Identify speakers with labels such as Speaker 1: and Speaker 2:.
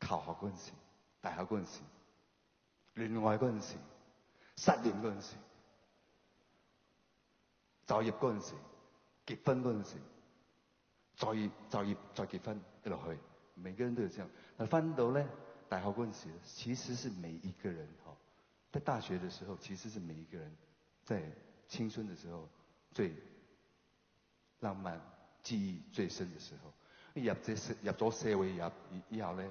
Speaker 1: 考核嗰陣時，大學嗰陣時，戀愛嗰陣時，失戀嗰陣時，就業嗰陣時，結婚嗰陣，再再就業再結婚一路去，每個人都有這樣。但係翻到咧，大學嗰陣時，其實是每一個人喎。在大學的時候，其實是每一個人在青春的時候最浪漫、記憶最深的時候。入咗社，入咗社會，入以後咧。